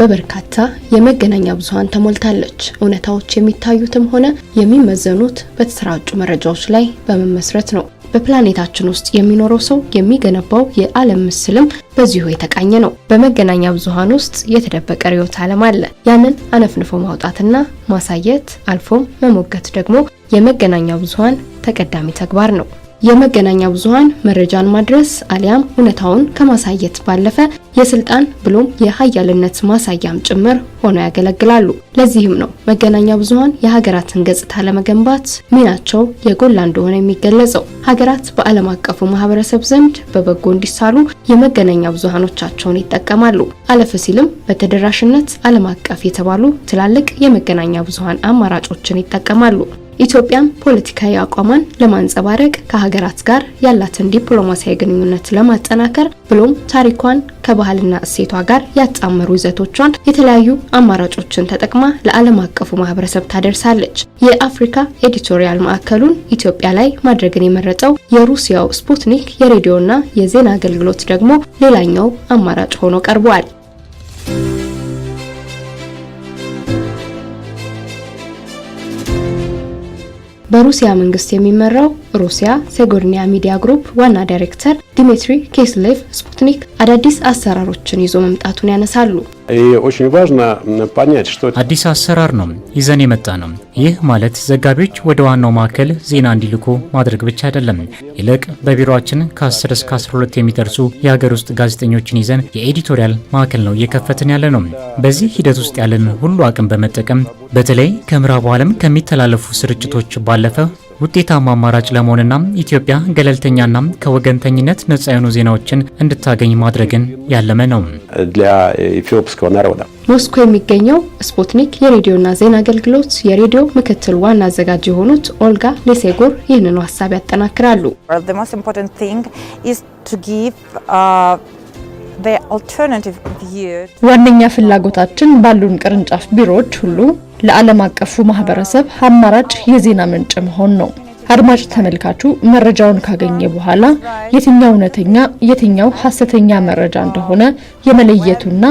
በበርካታ የመገናኛ ብዙሃን ተሞልታለች። እውነታዎች የሚታዩትም ሆነ የሚመዘኑት በተሰራጩ መረጃዎች ላይ በመመስረት ነው። በፕላኔታችን ውስጥ የሚኖረው ሰው የሚገነባው የዓለም ምስልም በዚሁ የተቃኘ ነው። በመገናኛ ብዙሃን ውስጥ የተደበቀ ርዕዮተ ዓለም አለ። ያንን አነፍንፎ ማውጣትና ማሳየት አልፎም መሞገት ደግሞ የመገናኛ ብዙሃን ተቀዳሚ ተግባር ነው። የመገናኛ ብዙሃን መረጃን ማድረስ አሊያም እውነታውን ከማሳየት ባለፈ የስልጣን ብሎም የሀያልነት ማሳያም ጭምር ሆነው ያገለግላሉ። ለዚህም ነው መገናኛ ብዙሃን የሀገራትን ገጽታ ለመገንባት ሚናቸው የጎላ እንደሆነ የሚገለጸው። ሀገራት በዓለም አቀፉ ማህበረሰብ ዘንድ በበጎ እንዲሳሉ የመገናኛ ብዙሃኖቻቸውን ይጠቀማሉ። አለፍ ሲልም በተደራሽነት ዓለም አቀፍ የተባሉ ትላልቅ የመገናኛ ብዙሃን አማራጮችን ይጠቀማሉ። ኢትዮጵያም ፖለቲካዊ አቋሟን ለማንጸባረቅ ከሀገራት ጋር ያላትን ዲፕሎማሲያዊ ግንኙነት ለማጠናከር ብሎም ታሪኳን ከባህልና እሴቷ ጋር ያጣመሩ ይዘቶቿን የተለያዩ አማራጮችን ተጠቅማ ለዓለም አቀፉ ማህበረሰብ ታደርሳለች። የአፍሪካ ኤዲቶሪያል ማዕከሉን ኢትዮጵያ ላይ ማድረግን የመረጠው የሩሲያው ስፑትኒክ የሬዲዮና የዜና አገልግሎት ደግሞ ሌላኛው አማራጭ ሆኖ ቀርቧል። በሩሲያ መንግስት የሚመራው ሩሲያ ሴጎድኒያ ሚዲያ ግሩፕ ዋና ዳይሬክተር ዲሚትሪ ኬስሌቭ ስፑትኒክ አዳዲስ አሰራሮችን ይዞ መምጣቱን ያነሳሉ። አዲስ አሰራር ነው ይዘን የመጣ ነው። ይህ ማለት ዘጋቢዎች ወደ ዋናው ማዕከል ዜና እንዲልኩ ማድረግ ብቻ አይደለም። ይልቅ በቢሮችን ከ10 እስከ 12 የሚደርሱ የሀገር ውስጥ ጋዜጠኞችን ይዘን የኤዲቶሪያል ማዕከል ነው እየከፈትን ያለ ነው። በዚህ ሂደት ውስጥ ያለን ሁሉ አቅም በመጠቀም በተለይ ከምዕራቡ ዓለም ከሚተላለፉ ስርጭቶች ባለፈ ውጤታማ አማራጭ ለመሆንና ኢትዮጵያ ገለልተኛና ከወገንተኝነት ነጻ የሆኑ ዜናዎችን እንድታገኝ ማድረግን ያለመ ነው። ሞስኮ የሚገኘው ስፑትኒክ የሬዲዮና ዜና አገልግሎት የሬዲዮ ምክትል ዋና አዘጋጅ የሆኑት ኦልጋ ሌሴጎር ይህንኑ ሀሳብ ያጠናክራሉ። uh, ዋነኛ ፍላጎታችን ባሉን ቅርንጫፍ ቢሮዎች ሁሉ ለዓለም አቀፉ ማህበረሰብ አማራጭ የዜና ምንጭ መሆን ነው። አድማጭ ተመልካቹ መረጃውን ካገኘ በኋላ የትኛው እውነተኛ የትኛው ሀሰተኛ መረጃ እንደሆነ የመለየቱና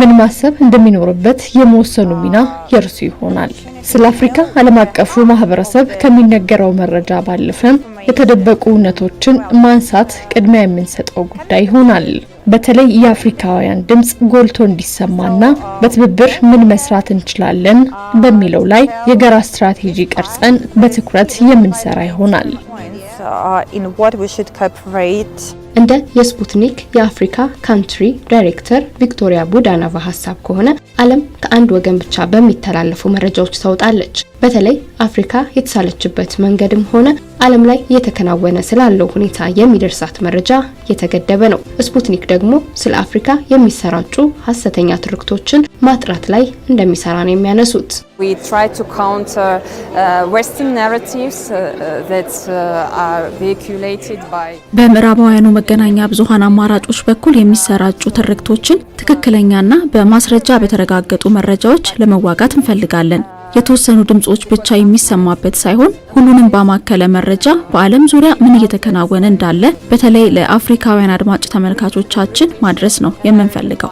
ምን ማሰብ እንደሚኖርበት የመወሰኑ ሚና የእርሱ ይሆናል። ስለ አፍሪካ ዓለም አቀፉ ማህበረሰብ ከሚነገረው መረጃ ባለፈም የተደበቁ እውነቶችን ማንሳት ቅድሚያ የምንሰጠው ጉዳይ ይሆናል። በተለይ የአፍሪካውያን ድምፅ ጎልቶ እንዲሰማና በትብብር ምን መስራት እንችላለን በሚለው ላይ የጋራ ስትራቴጂ ቀርጸን በትኩረት የምንሰራ ይሆናል። እንደ የስፑትኒክ የአፍሪካ ካንትሪ ዳይሬክተር ቪክቶሪያ ቡዳናቫ ሀሳብ ከሆነ ዓለም ከአንድ ወገን ብቻ በሚተላለፉ መረጃዎች ተውጣለች። በተለይ አፍሪካ የተሳለችበት መንገድም ሆነ ዓለም ላይ እየተከናወነ ስላለው ሁኔታ የሚደርሳት መረጃ የተገደበ ነው። ስፑትኒክ ደግሞ ስለ አፍሪካ የሚሰራጩ ሀሰተኛ ትርክቶችን ማጥራት ላይ እንደሚሰራ ነው የሚያነሱት። uh, uh, uh, በምዕራባውያኑ መገናኛ ብዙሀን አማራጮች በኩል የሚሰራጩ ትርክቶችን ትክክለኛና በማስረጃ በተረጋገጡ መረጃዎች ለመዋጋት እንፈልጋለን። የተወሰኑ ድምጾች ብቻ የሚሰማበት ሳይሆን ሁሉንም ባማከለ መረጃ በዓለም ዙሪያ ምን እየተከናወነ እንዳለ በተለይ ለአፍሪካውያን አድማጭ ተመልካቾቻችን ማድረስ ነው የምንፈልገው።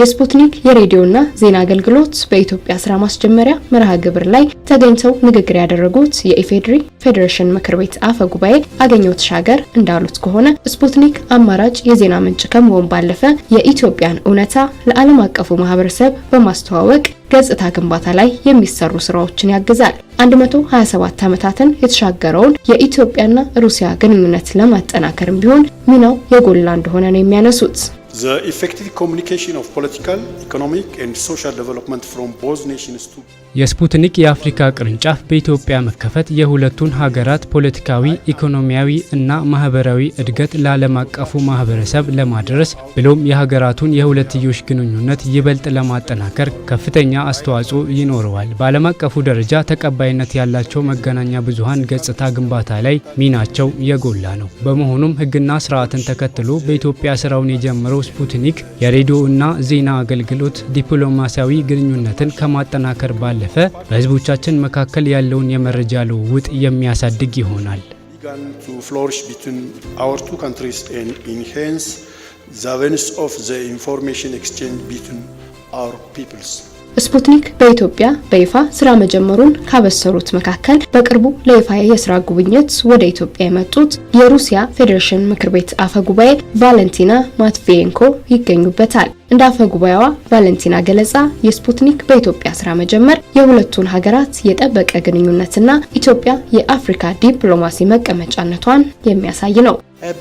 የስፑትኒክ የሬዲዮና ዜና አገልግሎት በኢትዮጵያ ስራ ማስጀመሪያ መርሃ ግብር ላይ ተገኝተው ንግግር ያደረጉት የኢፌዴሪ ፌዴሬሽን ምክር ቤት አፈ ጉባኤ አገኘው ተሻገር እንዳሉት ከሆነ ስፑትኒክ አማራጭ የዜና ምንጭ ከመሆን ባለፈ የኢትዮጵያን እውነታ ለዓለም አቀፉ ማህበረሰብ በማስተዋወቅ ገጽታ ግንባታ ላይ የሚሰሩ ስራዎችን ያግዛል። 127 ዓመታትን የተሻገረውን የኢትዮጵያና ሩሲያ ግንኙነት ለማጠናከርም ቢሆን ሚናው የጎላ እንደሆነ ነው የሚያነሱት። የስፑትኒክ የአፍሪካ ቅርንጫፍ በኢትዮጵያ መከፈት የሁለቱን ሀገራት ፖለቲካዊ፣ ኢኮኖሚያዊ እና ማህበራዊ እድገት ለዓለም አቀፉ ማህበረሰብ ለማድረስ ብሎም የሀገራቱን የሁለትዮሽ ግንኙነት ይበልጥ ለማጠናከር ከፍተኛ አስተዋጽኦ ይኖረዋል። በዓለም አቀፉ ደረጃ ተቀባይነት ያላቸው መገናኛ ብዙሃን ገጽታ ግንባታ ላይ ሚናቸው የጎላ ነው። በመሆኑም ሕግና ስርዓትን ተከትሎ በኢትዮጵያ ስራውን የጀመረው ስፑትኒክ የሬዲዮ እና ዜና አገልግሎት ዲፕሎማሲያዊ ግንኙነትን ከማጠናከር ባለፈ በህዝቦቻችን መካከል ያለውን የመረጃ ልውውጥ የሚያሳድግ ይሆናል። ኢንፎርሜሽን ኤክስቼንጅ ቢትዊን አወር ፒፕልስ ስፑትኒክ በኢትዮጵያ በይፋ ስራ መጀመሩን ካበሰሩት መካከል በቅርቡ ለይፋ የስራ ጉብኝት ወደ ኢትዮጵያ የመጡት የሩሲያ ፌዴሬሽን ምክር ቤት አፈ ጉባኤ ቫለንቲና ማትቪዬንኮ ይገኙበታል። እንደ አፈ ጉባኤዋ ቫለንቲና ገለጻ የስፑትኒክ በኢትዮጵያ ስራ መጀመር የሁለቱን ሀገራት የጠበቀ ግንኙነትና ኢትዮጵያ የአፍሪካ ዲፕሎማሲ መቀመጫነቷን የሚያሳይ ነው። э,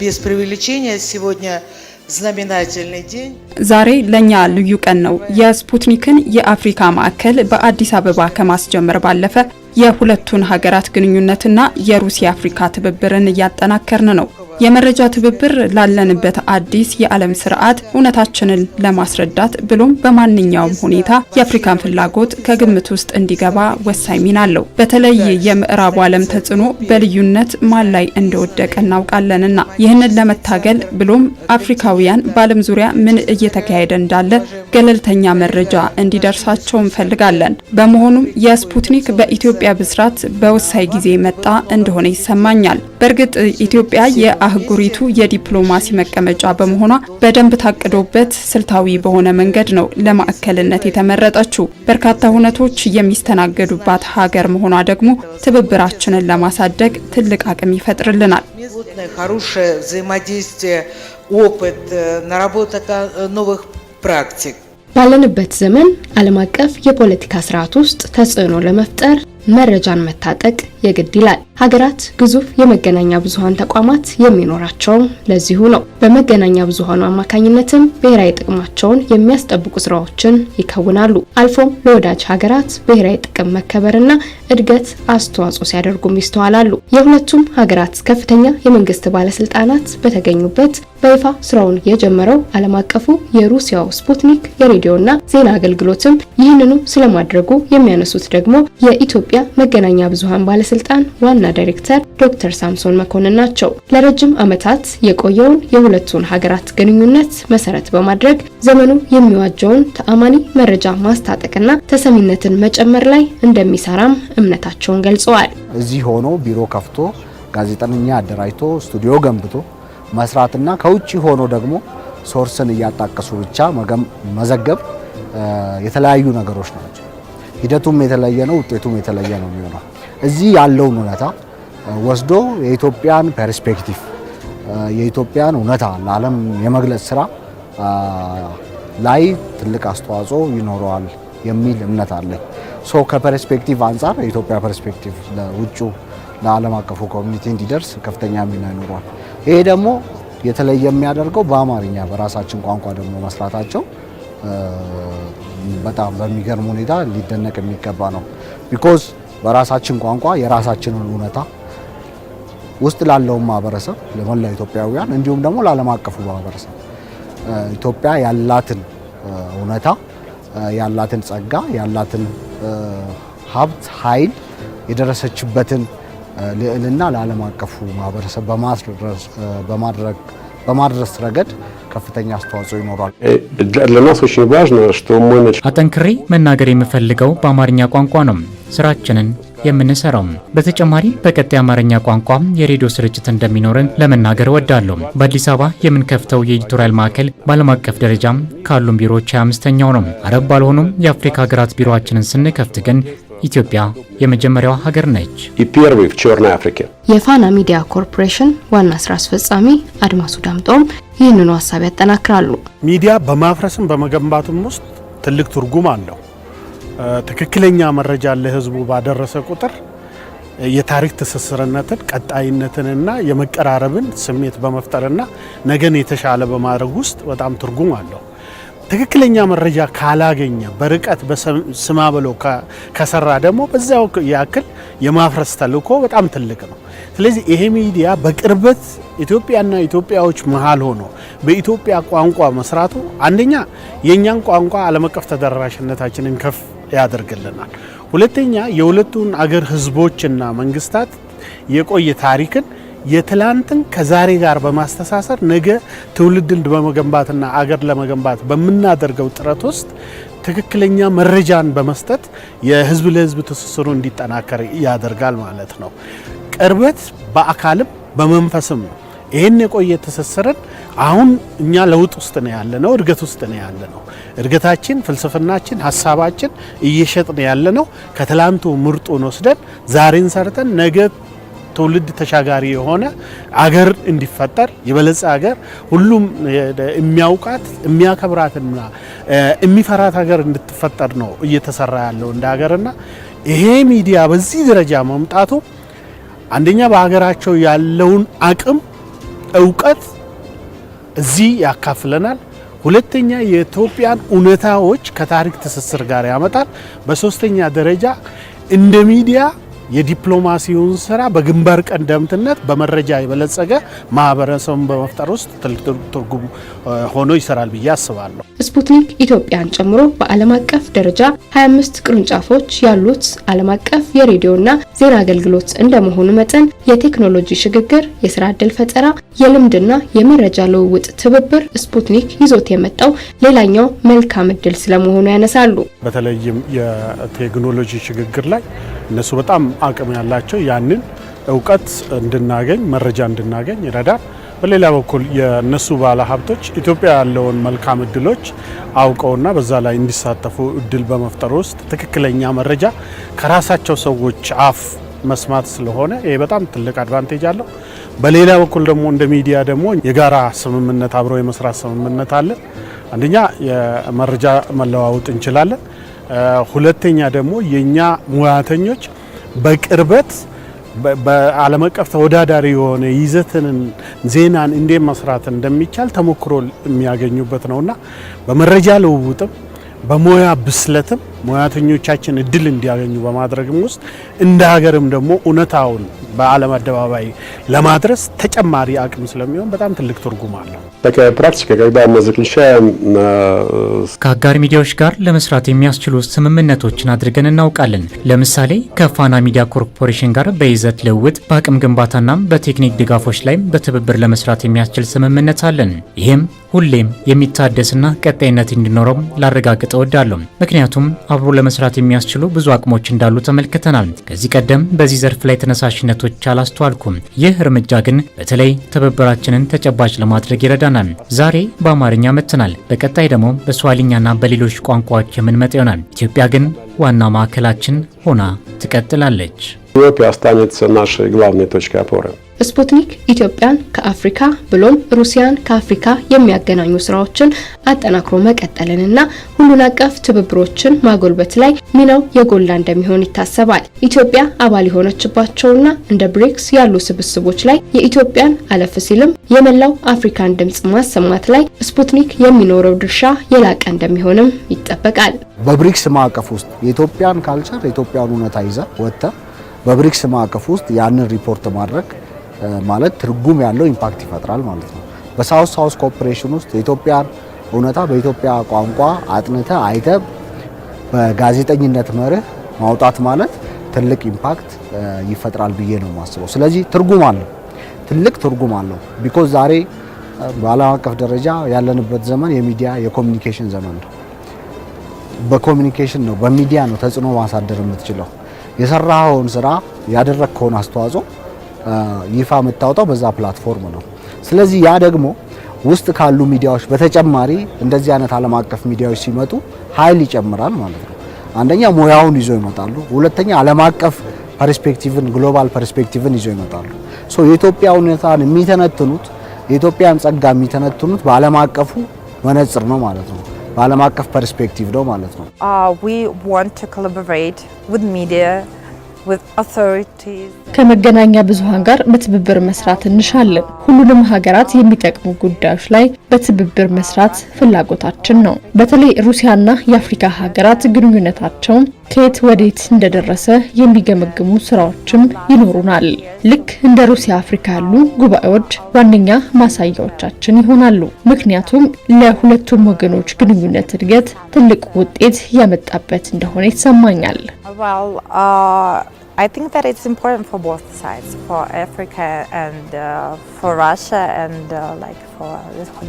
ዛሬ ለእኛ ልዩ ቀን ነው። የስፑትኒክን የአፍሪካ ማዕከል በአዲስ አበባ ከማስጀመር ባለፈ የሁለቱን ሀገራት ግንኙነትና የሩሲያ አፍሪካ ትብብርን እያጠናከርን ነው። የመረጃ ትብብር ላለንበት አዲስ የዓለም ስርዓት እውነታችንን ለማስረዳት ብሎም በማንኛውም ሁኔታ የአፍሪካን ፍላጎት ከግምት ውስጥ እንዲገባ ወሳኝ ሚና አለው። በተለይ የምዕራቡ ዓለም ተጽዕኖ በልዩነት ማን ላይ እንደወደቀ እናውቃለንና ይህንን ለመታገል ብሎም አፍሪካውያን በዓለም ዙሪያ ምን እየተካሄደ እንዳለ ገለልተኛ መረጃ እንዲደርሳቸው እንፈልጋለን። በመሆኑም የስፑትኒክ በኢትዮጵያ ብስራት በወሳኝ ጊዜ መጣ እንደሆነ ይሰማኛል። በእርግጥ ኢትዮጵያ አህጉሪቱ የዲፕሎማሲ መቀመጫ በመሆኗ በደንብ ታቅዶበት ስልታዊ በሆነ መንገድ ነው ለማዕከልነት የተመረጠችው። በርካታ ሁነቶች የሚስተናገዱባት ሀገር መሆኗ ደግሞ ትብብራችንን ለማሳደግ ትልቅ አቅም ይፈጥርልናል። ባለንበት ዘመን ዓለም አቀፍ የፖለቲካ ስርዓት ውስጥ ተጽዕኖ ለመፍጠር መረጃን መታጠቅ የግድ ይላል። ሀገራት ግዙፍ የመገናኛ ብዙሃን ተቋማት የሚኖራቸውም ለዚሁ ነው። በመገናኛ ብዙሃኑ አማካኝነትም ብሔራዊ ጥቅማቸውን የሚያስጠብቁ ስራዎችን ይከውናሉ። አልፎም ለወዳጅ ሀገራት ብሔራዊ ጥቅም መከበርና እድገት አስተዋጽኦ ሲያደርጉም ይስተዋላሉ። የሁለቱም ሀገራት ከፍተኛ የመንግስት ባለስልጣናት በተገኙበት በይፋ ስራውን የጀመረው ዓለም አቀፉ የሩሲያው ስፑትኒክ የሬዲዮና ዜና አገልግሎትም ይህንኑ ስለማድረጉ የሚያነሱት ደግሞ የኢትዮጵያ መገናኛ ብዙሃን ባለስልጣን ዋና ዳይሬክተር ዶክተር ሳምሶን መኮንን ናቸው። ለረጅም ዓመታት የቆየውን የሁለቱን ሀገራት ግንኙነት መሰረት በማድረግ ዘመኑ የሚዋጀውን ተአማኒ መረጃ ማስታጠቅና ተሰሚነትን መጨመር ላይ እንደሚሰራም እምነታቸውን ገልጸዋል። እዚህ ሆኖ ቢሮ ከፍቶ ጋዜጠኛ አደራጅቶ ስቱዲዮ ገንብቶ መስራትና ከውጭ ሆኖ ደግሞ ሶርስን እያጣቀሱ ብቻ መዘገብ የተለያዩ ነገሮች ናቸው። ሂደቱም የተለየ ነው፣ ውጤቱም የተለየ ነው የሚሆነው። እዚህ ያለውን እውነታ ወስዶ የኢትዮጵያን ፐርስፔክቲቭ የኢትዮጵያን እውነታ ለዓለም የመግለጽ ስራ ላይ ትልቅ አስተዋጽኦ ይኖረዋል የሚል እምነት አለኝ። ሶ ከፐርስፔክቲቭ አንጻር የኢትዮጵያ ፐርስፔክቲቭ ለውጩ ለዓለም አቀፉ ኮሚኒቲ እንዲደርስ ከፍተኛ ሚና ይኖረዋል። ይሄ ደግሞ የተለየ የሚያደርገው በአማርኛ በራሳችን ቋንቋ ደግሞ መስራታቸው በጣም በሚገርም ሁኔታ ሊደነቅ የሚገባ ነው። ቢኮዝ በራሳችን ቋንቋ የራሳችንን እውነታ ውስጥ ላለውን ማህበረሰብ ለመላ ኢትዮጵያውያን እንዲሁም ደግሞ ለዓለም አቀፉ ማህበረሰብ ኢትዮጵያ ያላትን እውነታ ያላትን ጸጋ ያላትን ሀብት ኃይል የደረሰችበትን ልዕልና ለዓለም አቀፉ ማህበረሰብ በማድረስ ረገድ ከፍተኛ አስተዋጽኦ ይኖሯል። eh, አጠንክሬ መናገር የምፈልገው በአማርኛ ቋንቋ ነው ስራችንን የምንሰራው። በተጨማሪ በቀጣይ አማርኛ ቋንቋ የሬዲዮ ስርጭት እንደሚኖርን ለመናገር እወዳለሁ። በአዲስ አበባ የምንከፍተው የኤዲቶሪያል ማዕከል በዓለም አቀፍ ደረጃም ካሉን ቢሮዎች 25ኛው ነው። አረብ ባልሆኑም የአፍሪካ ሀገራት ቢሮችንን ስንከፍት ግን ኢትዮጵያ የመጀመሪያው ሀገር ነች። የፋና ሚዲያ ኮርፖሬሽን ዋና ስራ አስፈጻሚ አድማሱ ዳምጦም ይህንኑ ሀሳብ ያጠናክራሉ። ሚዲያ በማፍረስም በመገንባትም ውስጥ ትልቅ ትርጉም አለው። ትክክለኛ መረጃ ለህዝቡ ባደረሰ ቁጥር የታሪክ ትስስርነትን ቀጣይነትንና የመቀራረብን ስሜት በመፍጠርና ነገን የተሻለ በማድረግ ውስጥ በጣም ትርጉም አለው። ትክክለኛ መረጃ ካላገኘ በርቀት በስማ ብሎ ከሰራ ደግሞ በዚያው ያክል የማፍረስ ተልእኮ በጣም ትልቅ ነው። ስለዚህ ይሄ ሚዲያ በቅርበት ኢትዮጵያና ኢትዮጵያዎች መሀል ሆኖ በኢትዮጵያ ቋንቋ መስራቱ አንደኛ የእኛን ቋንቋ ዓለም አቀፍ ተደራሽነታችንን ከፍ ያደርግልናል። ሁለተኛ የሁለቱን አገር ህዝቦችና መንግስታት የቆየ ታሪክን የትላንትን ከዛሬ ጋር በማስተሳሰር ነገ ትውልድን በመገንባትና አገር ለመገንባት በምናደርገው ጥረት ውስጥ ትክክለኛ መረጃን በመስጠት የህዝብ ለህዝብ ትስስሩ እንዲጠናከር ያደርጋል ማለት ነው። ቅርበት በአካልም በመንፈስም ነው። ይህን የቆየ ትስስርን አሁን እኛ ለውጥ ውስጥ ነው ያለ ነው፣ እድገት ውስጥ ነው ያለ ነው። እድገታችን፣ ፍልስፍናችን፣ ሀሳባችን እየሸጥን ያለ ነው። ከትላንቱ ምርጡን ወስደን ዛሬን ሰርተን ነገ ትውልድ ተሻጋሪ የሆነ አገር እንዲፈጠር የበለጸ አገር ሁሉም የሚያውቃት የሚያከብራትና የሚፈራት ሀገር እንድትፈጠር ነው እየተሰራ ያለው እንደ ሀገርና ይሄ ሚዲያ በዚህ ደረጃ መምጣቱ አንደኛ በሀገራቸው ያለውን አቅም እውቀት እዚህ ያካፍለናል። ሁለተኛ የኢትዮጵያን እውነታዎች ከታሪክ ትስስር ጋር ያመጣል። በሶስተኛ ደረጃ እንደ ሚዲያ የዲፕሎማሲውን ስራ በግንባር ቀደምትነት በመረጃ የበለጸገ ማህበረሰቡን በመፍጠር ውስጥ ትልቅ ትርጉም ሆኖ ይሰራል ብዬ አስባለሁ። ስፑትኒክ ኢትዮጵያን ጨምሮ በዓለም አቀፍ ደረጃ 25 ቅርንጫፎች ያሉት ዓለም አቀፍ የሬዲዮና ዜና አገልግሎት እንደመሆኑ መጠን የቴክኖሎጂ ሽግግር፣ የስራ ዕድል ፈጠራ፣ የልምድና የመረጃ ልውውጥ ትብብር ስፑትኒክ ይዞት የመጣው ሌላኛው መልካም እድል ስለመሆኑ ያነሳሉ። በተለይም የቴክኖሎጂ ሽግግር ላይ እነሱ በጣም አቅም ያላቸው ያንን እውቀት እንድናገኝ መረጃ እንድናገኝ ይረዳል። በሌላ በኩል የእነሱ ባለ ሀብቶች ኢትዮጵያ ያለውን መልካም እድሎች አውቀውና በዛ ላይ እንዲሳተፉ እድል በመፍጠር ውስጥ ትክክለኛ መረጃ ከራሳቸው ሰዎች አፍ መስማት ስለሆነ ይሄ በጣም ትልቅ አድቫንቴጅ አለው። በሌላ በኩል ደግሞ እንደ ሚዲያ ደግሞ የጋራ ስምምነት አብሮ የመስራት ስምምነት አለ። አንደኛ የመረጃ መለዋወጥ እንችላለን። ሁለተኛ ደግሞ የእኛ ሙያተኞች በቅርበት በዓለም አቀፍ ተወዳዳሪ የሆነ ይዘትን ዜናን እንዴት መስራት እንደሚቻል ተሞክሮ የሚያገኙበት ነውና በመረጃ ልውውጥም በሙያ ብስለትም ሙያተኞቻችን እድል እንዲያገኙ በማድረግም ውስጥ እንደ ሀገርም ደግሞ እውነታውን በዓለም አደባባይ ለማድረስ ተጨማሪ አቅም ስለሚሆን በጣም ትልቅ ትርጉም አለው። ከአጋር ሚዲያዎች ጋር ለመስራት የሚያስችሉ ስምምነቶችን አድርገን እናውቃለን። ለምሳሌ ከፋና ሚዲያ ኮርፖሬሽን ጋር በይዘት ልውውጥ፣ በአቅም ግንባታና በቴክኒክ ድጋፎች ላይ በትብብር ለመስራት የሚያስችል ስምምነት አለን። ይህም ሁሌም የሚታደስና ቀጣይነት እንዲኖረው ላረጋግጠ እወዳለሁ። ምክንያቱም አብሮ ለመስራት የሚያስችሉ ብዙ አቅሞች እንዳሉ ተመልክተናል። ከዚህ ቀደም በዚህ ዘርፍ ላይ ተነሳሽነቶች አላስተዋልኩም። ይህ እርምጃ ግን በተለይ ትብብራችንን ተጨባጭ ለማድረግ ይረዳናል። ዛሬ በአማርኛ መጥተናል። በቀጣይ ደግሞ በስዋሊኛና በሌሎች ቋንቋዎች የምንመጣ ይሆናል። ኢትዮጵያ ግን ዋና ማዕከላችን ሆና ትቀጥላለች። ኢትዮጵያ ስታኔትስ ናሽ главной точкой опоры. ስፑትኒክ ኢትዮጵያን ከአፍሪካ ብሎም ሩሲያን ከአፍሪካ የሚያገናኙ ስራዎችን አጠናክሮ መቀጠልንና ሁሉን አቀፍ ትብብሮችን ማጎልበት ላይ ሚናው የጎላ እንደሚሆን ይታሰባል። ኢትዮጵያ አባል የሆነችባቸውና እንደ ብሪክስ ያሉ ስብስቦች ላይ የኢትዮጵያን አለፍ ሲልም የመላው አፍሪካን ድምጽ ማሰማት ላይ ስፑትኒክ የሚኖረው ድርሻ የላቀ እንደሚሆንም ይጠበቃል። በብሪክስ ማዕቀፍ ውስጥ የኢትዮጵያን ካልቸር የኢትዮጵያን እውነታ ይዛ ወጥተ በብሪክስ ማዕቀፍ ውስጥ ያንን ሪፖርት ማድረግ ማለት ትርጉም ያለው ኢምፓክት ይፈጥራል ማለት ነው። በሳውስ ሳውስ ኮኦፕሬሽን ውስጥ የኢትዮጵያን እውነታ በኢትዮጵያ ቋንቋ አጥንተ አይተ በጋዜጠኝነት መርህ ማውጣት ማለት ትልቅ ኢምፓክት ይፈጥራል ብዬ ነው የማስበው። ስለዚህ ትርጉም አለው፣ ትልቅ ትርጉም አለው። ቢኮዝ ዛሬ በዓለም አቀፍ ደረጃ ያለንበት ዘመን የሚዲያ የኮሚኒኬሽን ዘመን ነው። በኮሚኒኬሽን ነው፣ በሚዲያ ነው ተጽዕኖ ማሳደር የምትችለው የሰራኸውን ስራ ያደረግከውን አስተዋጽኦ ይፋ የምታወጣው በዛ ፕላትፎርም ነው። ስለዚህ ያ ደግሞ ውስጥ ካሉ ሚዲያዎች በተጨማሪ እንደዚህ አይነት ዓለም አቀፍ ሚዲያዎች ሲመጡ ኃይል ይጨምራል ማለት ነው። አንደኛ ሙያውን ይዞ ይመጣሉ። ሁለተኛ ዓለም አቀፍ ፐርስፔክቲቭን ግሎባል ፐርስፔክቲቭን ይዞ ይመጣሉ። ሶ የኢትዮጵያ ሁኔታን የሚተነትኑት የኢትዮጵያን ጸጋ የሚተነትኑት በዓለም አቀፉ መነጽር ነው ማለት ነው። በዓለም አቀፍ ፐርስፔክቲቭ ነው ማለት ነው። uh, ከመገናኛ ብዙሃን ጋር በትብብር መስራት እንሻለን። ሁሉንም ሀገራት የሚጠቅሙ ጉዳዮች ላይ በትብብር መስራት ፍላጎታችን ነው። በተለይ ሩሲያና የአፍሪካ ሀገራት ግንኙነታቸው ከየት ወዴት እንደደረሰ የሚገመግሙ ስራዎችም ይኖሩናል። ልክ እንደ ሩሲያ አፍሪካ ያሉ ጉባኤዎች ዋነኛ ማሳያዎቻችን ይሆናሉ። ምክንያቱም ለሁለቱም ወገኖች ግንኙነት እድገት ትልቅ ውጤት ያመጣበት እንደሆነ ይሰማኛል። uh, I think that it's important for both sides, for Africa and uh, for Russia and uh, like for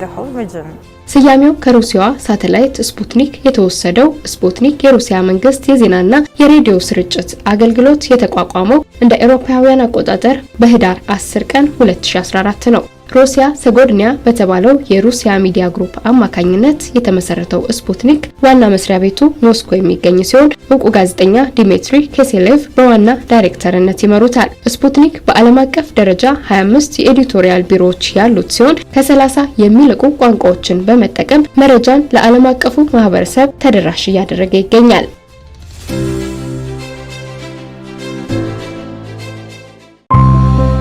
the whole region. ስያሜው ከሩሲያዋ ሳተላይት ስፑትኒክ የተወሰደው ስፑትኒክ የሩሲያ መንግስት የዜናና የሬዲዮ ስርጭት አገልግሎት የተቋቋመው እንደ አውሮፓውያን አቆጣጠር በህዳር 10 ቀን 2014 ነው። ሮሲያ ሰጎድኒያ በተባለው የሩሲያ ሚዲያ ግሩፕ አማካኝነት የተመሰረተው ስፑትኒክ ዋና መስሪያ ቤቱ ሞስኮ የሚገኝ ሲሆን እውቁ ጋዜጠኛ ዲሜትሪ ኬሴሌቭ በዋና ዳይሬክተርነት ይመሩታል። ስፑትኒክ በዓለም አቀፍ ደረጃ 25 የኤዲቶሪያል ቢሮዎች ያሉት ሲሆን ከ30 የሚልቁ ቋንቋዎችን በመጠቀም መረጃን ለዓለም አቀፉ ማህበረሰብ ተደራሽ እያደረገ ይገኛል።